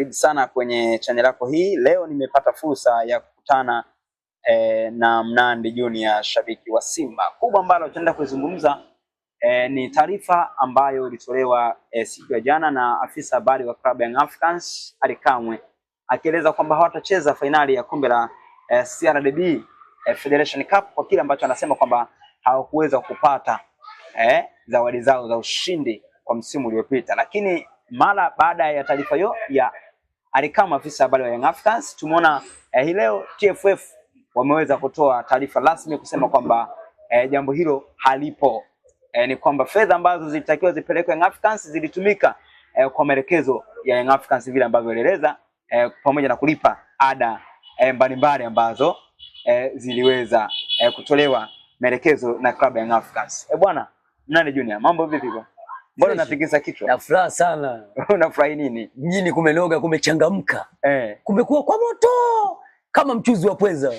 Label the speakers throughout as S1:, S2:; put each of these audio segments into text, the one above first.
S1: karibu sana kwenye chaneli yako hii. Leo nimepata fursa ya kukutana eh, na Mnandi Junior, shabiki wa Simba. Kubwa ambalo tunaenda kuzungumza eh, ni taarifa ambayo ilitolewa eh, siku ya jana na afisa habari wa klabu ya Young Africans Ally Kamwe akieleza kwamba hawatacheza fainali ya kombe la eh, CRDB eh, Federation Cup kwa kile ambacho anasema kwamba hawakuweza kupata eh, zawadi zao za ushindi kwa msimu uliopita, lakini mara baada ya taarifa hiyo ya alikaa maafisa habari wa Young Africans. Tumeona eh, hii leo TFF wameweza kutoa taarifa rasmi kusema kwamba eh, jambo hilo halipo. Eh, ni kwamba fedha ambazo zilitakiwa zipelekwe Young Africans zilitumika eh, kwa maelekezo ya Young Africans vile ambavyo alieleza eh, pamoja na kulipa ada eh, mbalimbali ambazo eh, ziliweza eh, kutolewa maelekezo na klabu ya Young Africans. Eh, bwana Mnane Junior, mambo vipi bwana? Mbona unatikisa kichwa?
S2: Na furaha sana.
S1: Unafurahi nini?
S2: Mjini kumeloga, kumechangamka. Eh. Kumekuwa kwa moto kama mchuzi wa pweza.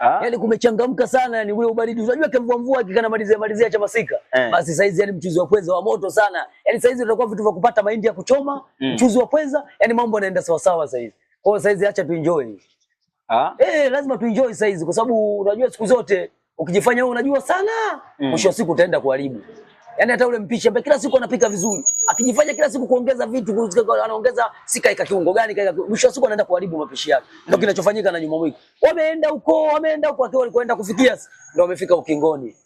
S2: Ah. Yaani kumechangamka sana yani ule ubaridi. Unajua kama mvua kikana malizia malizia cha masika. Eh. Basi saizi yani mchuzi wa pweza wa moto sana. Yaani saizi tutakuwa vitu vya kupata mahindi ya kuchoma, mm. mchuzi wa pweza, yani mambo yanaenda sawa sawa saizi. Kwa hiyo saizi acha tu enjoy. Ah. Eh, lazima tu tuenjoy saizi kwa sababu unajua siku zote ukijifanya wewe unajua sana, mm. mwisho mm. wa siku utaenda kuharibu yani hata yule mpishi ambaye kila siku anapika vizuri, akijifanya kila siku kuongeza vitu, anaongeza si kaika kiungo gani, kaika mwisho wa siku anaenda kuharibu mapishi yake. Ndio hmm. kinachofanyika na nyuma wiki, wameenda huko, wameenda huko, akiwa walikoenda kufikia ndio wamefika ukingoni.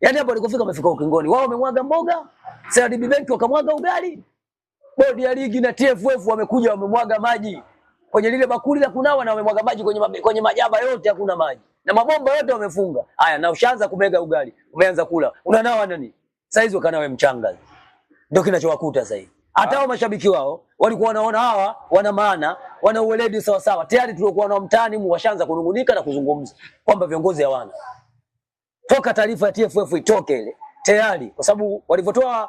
S2: Yani hapo walikofika wamefika ukingoni, wao wamemwaga mboga, CRDB Bank wakamwaga ugali, bodi ya ligi na TFF wamekuja wamemwaga maji kwenye lile bakuli la kunawa na wamemwaga maji kwenye mabe, kwenye majaba yote hakuna maji na mabomba yote wamefunga. Haya, na ushaanza kumega ugali, umeanza kula, unanawa nani? saizi wakana we mchanga, ndio kinachowakuta sasa hivi. Hata wa ah. mashabiki wao walikuwa wanaona hawa wana maana, wana uweledi sawa sawa. Tayari tuliokuwa nao mtaani washaanza kunungunika na kuzungumza kwamba viongozi hawana. Toka taarifa ya TFF itoke ile tayari, kwa sababu walivyotoa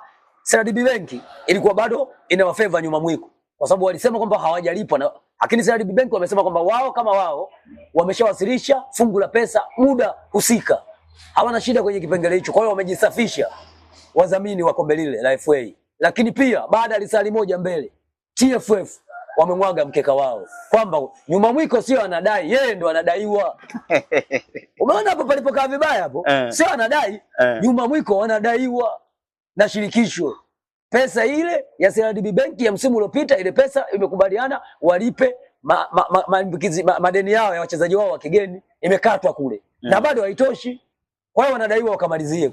S2: CRDB Bank ilikuwa bado inawafeva nyuma mwiko, kwa sababu walisema kwamba hawajalipwa na lakini CRDB Bank wamesema kwamba wao kama wao wameshawasilisha fungu la pesa muda husika, hawana shida kwenye kipengele hicho. Kwa hiyo wamejisafisha wadhamini wa kombe lile la FA. Lakini pia baada ya risali moja mbele TFF wamemwaga mkeka wao kwamba nyuma mwiko sio anadai, yeye ndo anadaiwa. Umeona hapo palipokaa vibaya hapo, eh. sio anadai, eh. nyuma mwiko wanadaiwa na shirikisho pesa ile ya CRDB Bank ya msimu uliopita, ile pesa imekubaliana walipe maambukizi ma, ma, ma, ma, madeni yao ya wachezaji wao wa kigeni imekatwa kule mm, na eh. bado haitoshi. Kwa hiyo wanadaiwa wakamalizie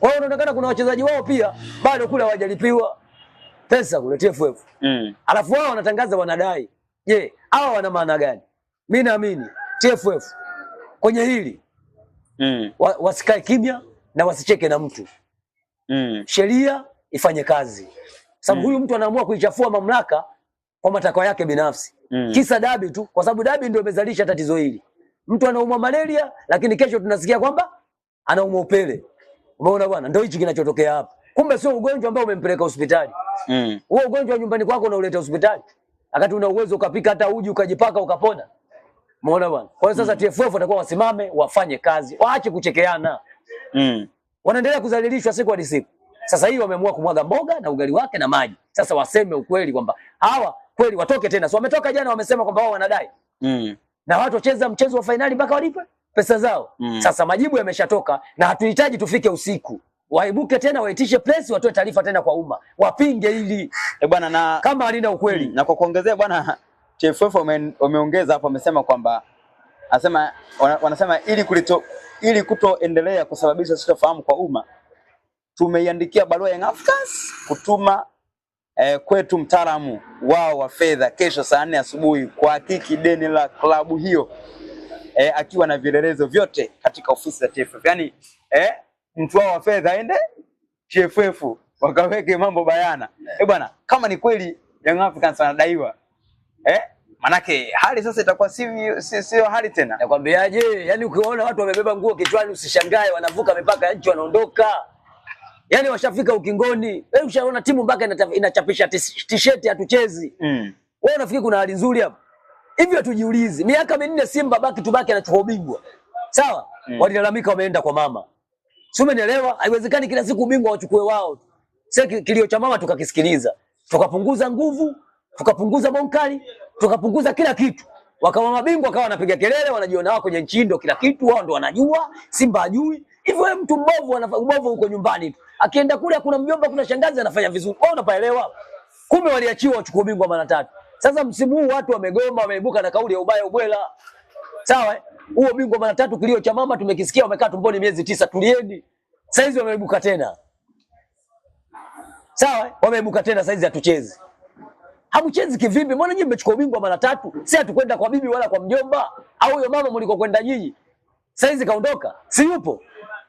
S2: kwa hiyo unaonekana kuna wachezaji wao pia bado kule hawajalipiwa pesa kule TFF. Mm. Alafu wao wanatangaza wanadai. Je, hawa wana maana gani? Mimi naamini TFF kwenye hili mm. wa, wasikae kimya na wasicheke na mtu. Mm. Sheria ifanye kazi. Sababu mm. huyu mtu anaamua kuichafua mamlaka kwa matakwa yake binafsi. Mm. Kisa dabi tu kwa sababu dabi ndio imezalisha tatizo hili. Mtu anaumwa malaria lakini kesho tunasikia kwamba anaumwa upele. Umeona bwana, ndio hichi kinachotokea hapa. Kumbe sio ugonjwa ambao umempeleka hospitali. Mm. Huo ugonjwa wa nyumbani kwako unauleta hospitali. Akati una uwezo ukapika hata uji ukajipaka ukapona. Umeona bwana? Kwa sasa mm. TFF watakuwa wasimame, wafanye kazi, waache kuchekeana. Mm. Wanaendelea kudhalilishwa siku hadi siku. Sasa hii wameamua kumwaga mboga na ugali wake na maji. Sasa waseme ukweli kwamba hawa kweli watoke tena. So wametoka jana wamesema kwamba wao wanadai. Mm. Na watu wacheza mchezo wa fainali mpaka walipe pesa zao mm. Sasa majibu yameshatoka na hatuhitaji tufike usiku, waibuke tena waitishe press, watoe taarifa tena kwa umma, wapinge ili e eh, bwana, na kama alinda ukweli mm.
S1: Na kwa kuongezea bwana TFF wameongeza hapo, wamesema kwamba anasema wanasema ili kulito, ili kutoendelea kusababisha sitofahamu kwa umma, tumeiandikia barua Young Africans kutuma eh, kwetu mtaalamu wao wa fedha kesho saa nne asubuhi kuhakiki deni la klabu hiyo eh, akiwa na vielelezo vyote katika ofisi za TFF. Yaani eh, mtu wao wa fedha aende TFF wakaweke mambo bayana. Yeah. Eh, bwana kama ni kweli Young Africans wanadaiwa eh, manake hali sasa itakuwa si sio si, hali tena.
S2: Nakwambiaje, Yaani ukiona watu wamebeba nguo kichwani usishangae, wanavuka mipaka ya nchi wanaondoka. Yaani washafika ukingoni. Wewe eh, ushaona timu mpaka inachapisha tisheti hatuchezi. Mm. Wewe unafikiri kuna hali nzuri hapa? hivyo tujiulize, miaka minne Simba baki tubaki anachukua ubingwa sawa? Mm. Walilalamika wameenda kwa mama, si umenielewa? Haiwezekani kila siku ubingwa wachukue wao. Sasa kilio cha mama tukakisikiliza, tukapunguza nguvu, tukapunguza bonkali, tukapunguza kila kitu, wakawa mabingwa, wakawa wanapiga kelele, wanajiona wao kwenye nchi ndio kila kitu, wao ndio wanajua, Simba ajui Hivyo wewe mtu mbovu, anafanya mbovu huko nyumbani tu, akienda kule kuna mjomba, kuna shangazi anafanya vizuri, wewe unapaelewa? Kumbe waliachiwa wachukue ubingwa mara tatu. Sasa msimu huu watu wamegoma, wameibuka na kauli ya ubaya ubwela. Sawa eh? Huo bingwa mara tatu kilio cha mama tumekisikia, wamekaa tumboni miezi tisa, tulieni. Saizi wameibuka tena. Sawa eh? Wameibuka tena saizi hatuchezi. Hamchezi kivipi? Mbona nyinyi mmechukua ubingwa mara tatu? Si hatukwenda kwa bibi wala kwa mjomba au huyo mama mliko kwenda nyinyi. Saizi kaondoka, si yupo.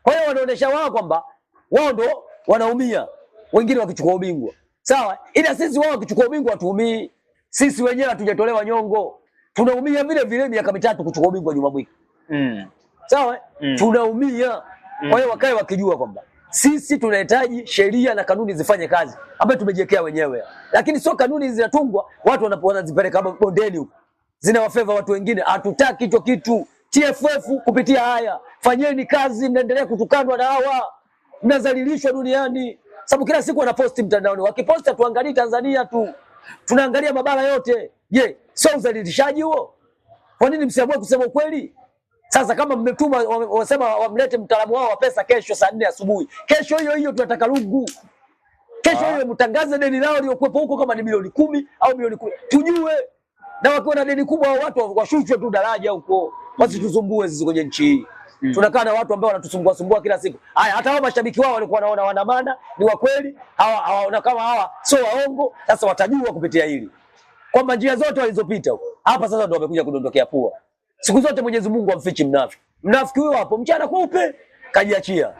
S2: Kwa hiyo wanaonesha wao kwamba wao ndo wanaumia, wengine wakichukua ubingwa. Sawa? Ila sisi wao wakichukua ubingwa tuumii. Sisi wenyewe hatujatolewa nyongo. Tunaumia vile vile miaka mitatu kuchukua ubingwa nyuma Mwiki. Mm. Sawa? Mm. Tunaumia. Mm. Kwa hiyo wakae wakijua kwamba sisi tunahitaji sheria na kanuni zifanye kazi ambayo tumejiwekea wenyewe, lakini sio kanuni zinatungwa watu wanazipeleka bondeni huko, zinawafeva watu wengine. Hatutaki hicho kitu. TFF kupitia haya, fanyeni kazi. Mnaendelea kutukanwa na hawa, mnazalilishwa duniani, sababu kila siku wanaposti mtandaoni. Wakiposti hatuangalii Tanzania tu. Tunaangalia mabara yote. Je, sio udhalilishaji huo? Kwa nini msiamue kusema ukweli? Sasa kama mmetuma wasema wamlete mtaalamu wao wa pesa kesho saa nne asubuhi, kesho hiyo hiyo tunataka lungu, kesho ah. hiyo mtangaze deni lao liokuwepo huko, kama ni milioni kumi au milioni kumi, tujue. Na wakiwa na deni kubwa, watu washushwe tu daraja huko, wasituzumbue sisi kwenye nchi hii mm. Tunakaa na watu ambao wanatusumbua sumbua kila siku. Haya, hata hao mashabiki wao walikuwa wanaona wanamanda ni wa kweli, hawa hawaona kama hawa sio waongo. Sasa watajua kupitia hili kwamba njia zote walizopita hapa, sasa ndo wamekuja kudondokea pua. Siku zote Mwenyezi Mungu amfichi mnafiki. Mnafiki huyo hapo mchana kweupe kajiachia.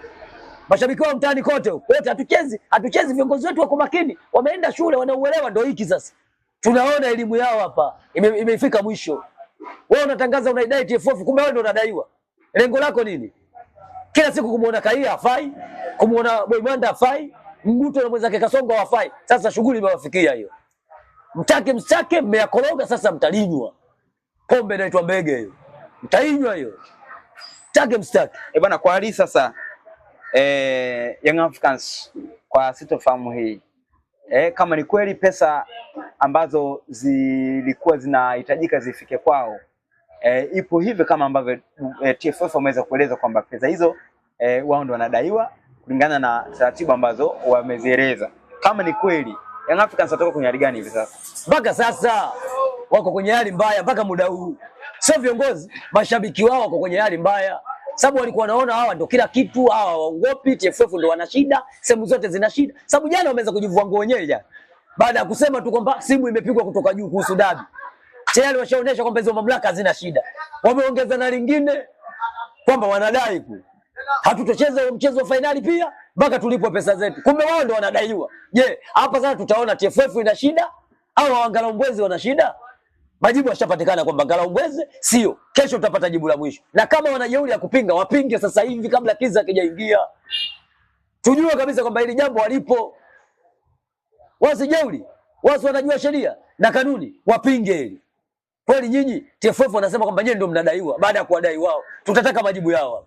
S2: Mashabiki wao mtaani kote wote, hatuchezi hatuchezi, viongozi wetu wako makini, wameenda shule, wanauelewa. Ndio hiki sasa tunaona elimu yao hapa imefika ime mwisho. Wewe unatangaza unaidai TFF, kumbe wewe ndio unadaiwa. Lengo lako nini? Kila siku kumuona Kaia afai, kumuona Boimanda afai, Mguto na mwenzake Kasongo hawafai. Sasa shughuli imewafikia hiyo. Mtake msitake, mmeyakoroga sasa, mtalinywa pombe inaitwa mbege hiyo, mtainywa hiyo,
S1: mtake msitake. Eh bwana, kwa hali sasa eh, Young Africans kwa sitofahamu hii eh, kama ni kweli pesa ambazo zilikuwa zinahitajika zifike kwao e, ipo hivyo kama ambavyo e, eh, TFF wameweza kueleza kwamba pesa hizo e, wao ndio wanadaiwa kulingana na taratibu ambazo wamezieleza. Kama ni kweli Young Africans watoka kwenye hali gani hivi sasa?
S2: Mpaka sasa wako kwenye hali mbaya mpaka muda huu, sio viongozi, mashabiki wao wako kwenye hali mbaya sababu walikuwa wanaona hawa ndio kila kitu, hawa waogopi TFF, ndio wana shida, sehemu zote zina shida. Sababu jana wameweza kujivua nguo wenyewe jana, baada ya kusema tu kwamba simu imepigwa kutoka juu kuhusu dabi tayari washaonyesha kwamba hizo mamlaka hazina shida. Wameongeza na lingine kwamba wanadai ku hatutocheza huo mchezo wa fainali pia mpaka tulipwe pesa zetu. Kumbe wao ndo wanadaiwa. Je, hapa sasa tutaona TFF ina shida au angalau mbwezi wana shida? Majibu yashapatikana kwamba angalau mbwezi sio. Kesho tutapata jibu la mwisho, na kama wanajeuri ya kupinga wapinge sasa hivi kabla kiza kijaingia, Tujue kabisa kwamba hili jambo walipo wasijeuri, wasi wanajua sheria na kanuni, wapinge hili. Kweli nyinyi TFF wanasema kwamba nyinyi ndio mnadaiwa baada ya kuwadai wao. Tutataka majibu yao.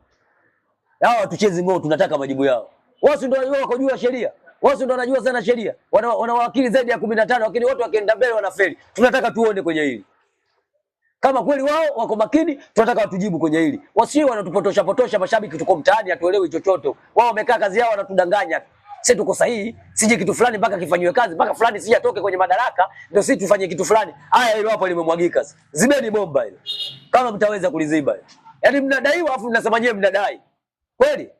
S2: Hawa tucheze ngoo, tunataka majibu yao. Wao ndio wao wako juu ya sheria. Wao ndio wanajua sana sheria. Wana, wana wakili zaidi ya 15 lakini wote wakienda mbele wanafeli. Tunataka tuone kwenye hili. Kama kweli wao wako makini, tunataka watujibu kwenye hili. Wasiwe wanatupotosha potosha mashabiki, tuko mtaani hatuelewi chochote. Wao wamekaa kazi yao wanatudanganya sisi tuko sahihi, sije kitu fulani mpaka kifanywe kazi, mpaka fulani sije atoke kwenye madaraka ndio sisi tufanye kitu fulani. Haya, hilo hapo limemwagika sasa, zibeni bomba hilo kama mtaweza kuliziba. hilo. Yaani mnadaiwa afu mnasema nyewe mnadai kweli?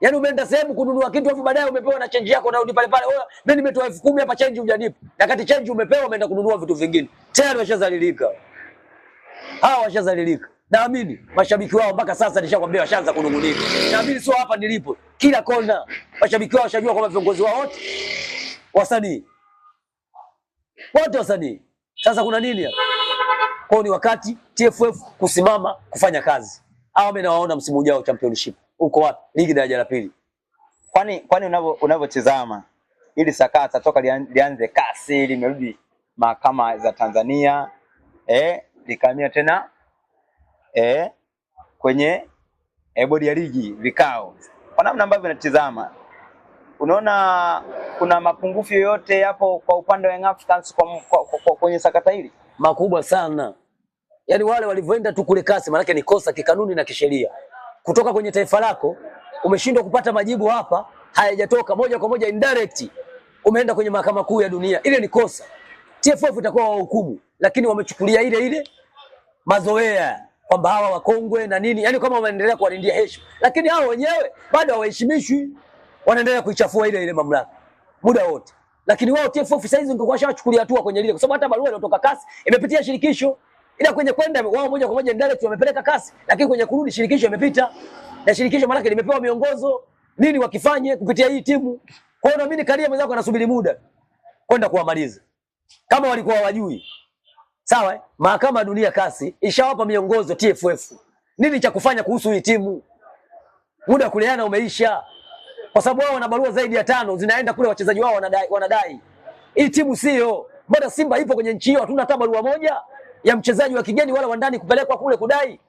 S2: Yaani umeenda sehemu kununua kitu afu baadaye umepewa na change yako na unarudi pale pale. Wewe mimi nimetoa elfu kumi hapa change hujanipa. Na kati change umepewa umeenda kununua vitu vingine. Tayari washazalilika. Hawa washazalilika. Naamini mashabiki wao mpaka sasa nishakwambia washaanza kunungunika. Naamini sio hapa nilipo. Kila kona mashabiki wao washajua kwamba viongozi wao wote wasanii. Wote wasanii. Sasa kuna nini hapa? Kwao ni wakati TFF kusimama kufanya kazi. Hao mimi nawaona msimu ujao championship. Uko wapi? Ligi daraja la pili.
S1: Kwani kwani unavyo unavyotizama ili sakata toka lianze kasi limerudi mahakama za Tanzania eh likamia tena eh, kwenye eh, bodi ya ligi vikao, kwa namna ambavyo natizama, unaona kuna mapungufu yoyote yapo kwa upande wa Young Africans kwa, kwa, kwa, kwa, kwenye sakata hili
S2: makubwa sana. Yaani wale walivyoenda tu kule kasi, maanake ni kosa kikanuni na kisheria kutoka kwenye taifa lako. Umeshindwa kupata majibu hapa, hayajatoka moja kwa moja indirect, umeenda kwenye mahakama kuu ya dunia. Ile ni kosa, TFF itakuwa wahukumu, lakini wamechukulia ile ile mazoea kwamba hawa wakongwe na nini, yani kama wanaendelea kuwalindia heshima, lakini hao wenyewe bado hawaheshimishwi, wanaendelea kuichafua ile ile mamlaka muda wote. Lakini wao TFF sasa hizi ndio washachukulia hatua kwenye lile, kwa sababu hata barua iliyotoka kasi imepitia shirikisho, ila kwenye kwenda wao moja kwa moja direct wamepeleka kasi, lakini kwenye kurudi shirikisho imepita na shirikisho maana yake limepewa miongozo nini wakifanye kupitia hii timu. Kwa hiyo naamini Karia mwenzako anasubiri muda kwenda kuwamaliza kama walikuwa wajui Sawa, eh? mahakama ya dunia kasi ishawapa miongozo TFF nini cha kufanya kuhusu hii timu. Muda wa kuleana umeisha, kwa sababu wao wana barua zaidi ya tano zinaenda kule, wachezaji wao wanadai, wanadai. Hii timu sio bado. Simba ipo kwenye nchi hiyo, hatuna hata barua moja ya mchezaji wa kigeni wala wa ndani kupelekwa kule kudai.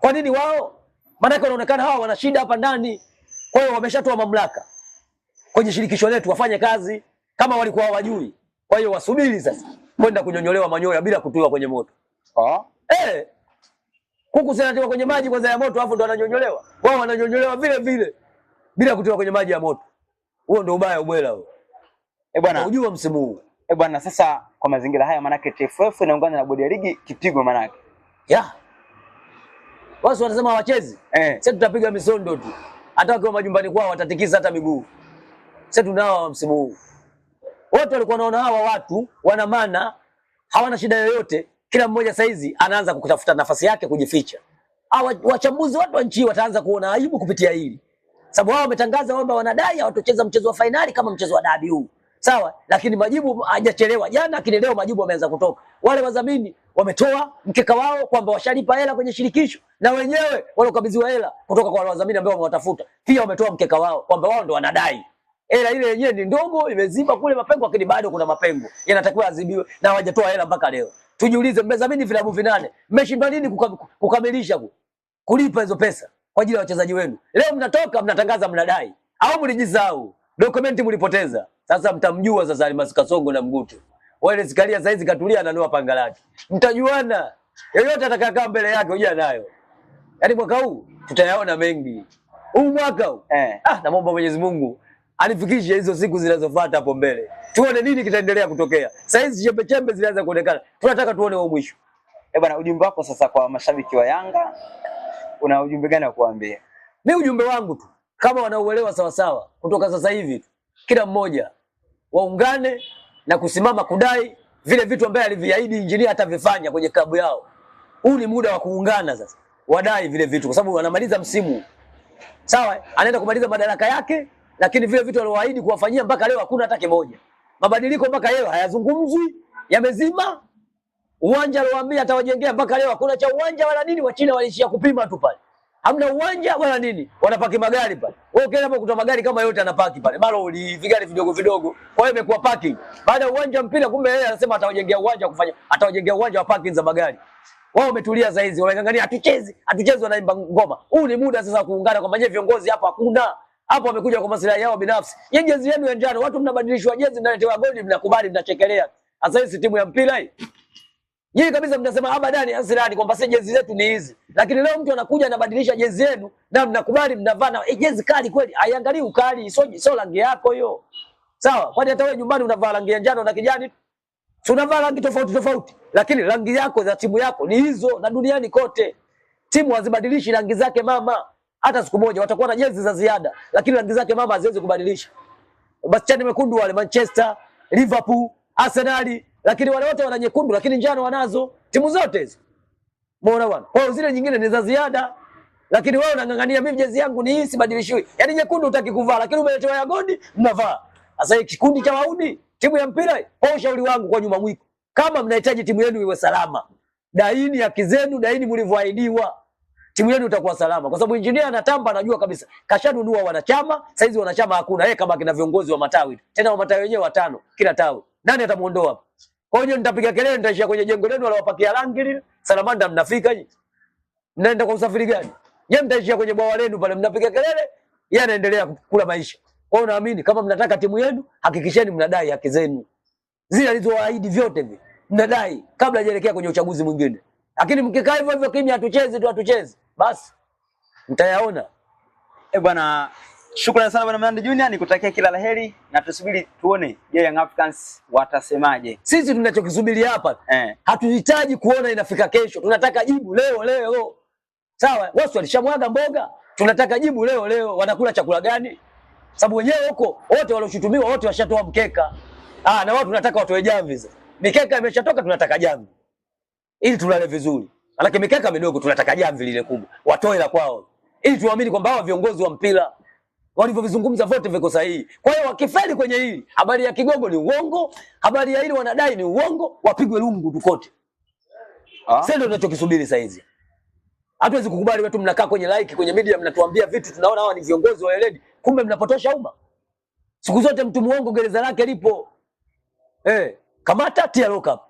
S2: Kwa nini wao? Maanake wanaonekana hawa wana shida hapa ndani, kwa hiyo wameshatoa mamlaka kwenye shirikisho letu, wafanye kazi kama walikuwa hawajui. Kwa hiyo wasubiri sasa kwenda kunyonyolewa manyoya bila kutiwa kwenye moto. Ah? Eh. Kuku zinatiwa kwenye maji kwanza ya moto, afu ndo wananyonyolewa. Wao wananyonyolewa vile vile bila kutiwa kwenye maji ya moto. Huo ndo ubaya ubwela huo.
S1: Eh bwana. Unajua msimu huu. Eh bwana, sasa kwa mazingira haya manake TFF inaungana na bodi ya ligi kipigo manake.
S2: Yeah. Wao wanasema wachezi. Eh. Sasa tutapiga misondo tu. Hata wakiwa majumbani kwao watatikisa hata miguu. Sasa tunao msimu huu wote walikuwa wanaona hawa watu wana maana, hawana shida yoyote. Kila mmoja saizi anaanza kutafuta nafasi yake kujificha. Hawa wachambuzi watu wa nchi wataanza kuona aibu kupitia hili, sababu wao wametangaza kwamba wanadai hawatocheza mchezo wa fainali kama mchezo wa dabi huu, sawa. Lakini majibu hajachelewa jana, lakini leo majibu wameanza kutoka. Wale wadhamini wametoa mkeka wao kwamba washalipa hela kwenye shirikisho, na wenyewe wale waliokabidhiwa hela kutoka kwa wale wadhamini ambao wamewatafuta pia wametoa mkeka wao kwamba wao ndo wanadai hela ile yenyewe ni ndogo, imeziba kule mapengo, lakini bado kuna mapengo yanatakiwa azibiwe, na hawajatoa hela mpaka leo. Tujiulize, mmezamini vilabu vinane, mmeshindwa nini kukamilisha kulipa hizo pesa kwa ajili ya wachezaji wenu? Leo mnatoka mnatangaza mnadai, au mlijisahau? Dokumenti mlipoteza. Sasa mtamjua sasa Almas Kasongo na Mguto wale zikalia saizi katulia, ananua panga lake, mtajuana. Yeyote atakayekaa mbele yake hoja nayo. Yaani mwaka huu tutayaona mengi, huu mwaka huu eh. Ah, namwomba Mwenyezi Mungu anifikishe hizo siku zinazofuata hapo mbele, tuone nini kitaendelea kutokea. Sasa hizi chembe chembe zilianza kuonekana, tunataka tuone wao mwisho.
S1: Eh bwana, ujumbe wako sasa kwa mashabiki wa Yanga, una ujumbe gani wa kuambia?
S2: Mi ujumbe wangu tu kama wanauelewa sawasawa, kutoka sasa hivi tu kila mmoja waungane na kusimama kudai vile vitu ambavyo aliviahidi injinia atavifanya kwenye klabu yao. Huu ni muda wa kuungana sasa, wadai vile vitu, kwa sababu anamaliza msimu sawa, anaenda kumaliza madaraka yake lakini vile vitu alivyoahidi kuwafanyia mpaka leo hakuna hata kimoja. Mabadiliko mpaka leo hayazungumzwi, yamezima. Uwanja alioambia atawajengea mpaka leo hakuna cha uwanja wala nini. Wachina waliishia kupima tu pale, hamna uwanja wala nini, wanapaki magari pale. Wewe ukienda hapo kutoa magari kama yote anapaki pale, malori, vigari vidogo vidogo. Kwa hiyo imekuwa parking baada ya uwanja mpira, kumbe yeye anasema atawajengea uwanja wa kufanya, atawajengea uwanja wa parking za magari. Wao umetulia saa hizi, wanang'ang'ania hatuchezi, hatuchezi, wanaimba ngoma. Huu ni muda sasa kuungana, kwa maana viongozi hapa hakuna hapo wamekuja kwa maslahi yao binafsi. Nyinyi jezi yenu ya njano, watu mnabadilishwa jezi, mnaletewa goli, mnakubali, mnachekelea. Sasa hii si timu ya mpira hii. Nyinyi kabisa mnasema abadani ah, asirani kwamba si jezi zetu ni hizi. Lakini leo mtu anakuja anabadilisha jezi yenu na mnakubali mnavaa na e, eh, jezi kali kweli. Haiangalii ukali, sio sio rangi yako hiyo. Sawa? Kwani hata wewe nyumbani unavaa rangi ya njano na kijani? Tunavaa rangi tofauti tofauti, lakini rangi yako za timu yako ni hizo na duniani kote. Timu hazibadilishi rangi zake mama hata siku moja watakuwa na jezi za ziada, lakini rangi zake mama haziwezi kubadilisha. Basi chani mekundu wale Manchester, Liverpool, Arsenal, lakini wale wote wana nyekundu, lakini njano wanazo timu zote hizo. Muona bwana. Kwa hiyo zile nyingine ni za ziada, lakini wewe unang'ang'ania mimi jezi yangu ni hii sibadilishwi. Yaani nyekundu hutaki kuvaa, lakini umeletewa ya godi mnavaa. Sasa hii kikundi cha wauni, timu ya mpira, kwa ushauri wangu kwa nyuma mwiko. Kama mnahitaji timu yenu iwe salama, daini ya kizenu, daini mlivyoahidiwa timu yenu itakuwa salama, kwa sababu injinia anatamba, anajua kabisa kashanunua wanachama. Saizi wanachama hakuna, yeye kama kina viongozi wa matawi tena, wa matawi wenyewe watano kila tawi, nani atamuondoa hapa? Kwa hiyo nitapiga kelele, nitaishia kwenye jengo lenu aliwapakia rangi lile. Salamanda mnafika nyi, mnaenda kwa usafiri gani? Yeye mtaishia kwenye bwawa lenu pale, mnapiga kelele, yeye anaendelea kula maisha. Kwa hiyo naamini kama mnataka timu yenu, hakikisheni mnadai haki zenu zile alizowaahidi, vyote hivi mnadai kabla hajaelekea kwenye uchaguzi mwingine. Lakini mkikaa hivyo hivyo kimya, hatuchezi tu, hatuchezi basi mtayaona.
S1: Eh bwana, shukrani sana bwana Mnandi Junior, nikutakia kila laheri na tusubiri tuone, je, Young Africans watasemaje?
S2: Sisi tunachokisubiri hapa eh, hatuhitaji kuona inafika kesho, tunataka jibu leo leo. Sawa, wao walishamwaga mboga, tunataka jibu leo leo. Wanakula chakula gani? Sababu wenyewe huko wote walioshutumiwa wote washatoa mkeka. Ah, na wao tunataka watoe jamvi. Mikeka imeshatoka, tunataka jamvi ili tulale vizuri. Maanake mikaka midogo tunataka jamvi lile kubwa. Watoe la kwao. Ili tuamini kwamba hao viongozi wa mpira walivyovizungumza vote viko sahihi. Kwa hiyo wakifeli kwenye hili, habari ya Kigogo ni uongo, habari ya hili wanadai ni uongo, wapigwe lungu tukote. Ah. Sasa ndio tunachokisubiri sasa hizi. Hatuwezi kukubali wetu mnakaa kwenye like kwenye media mnatuambia vitu tunaona hawa ni viongozi wa weledi, kumbe mnapotosha umma. Siku zote mtu muongo gereza lake lipo. Eh, kamata tia lock up.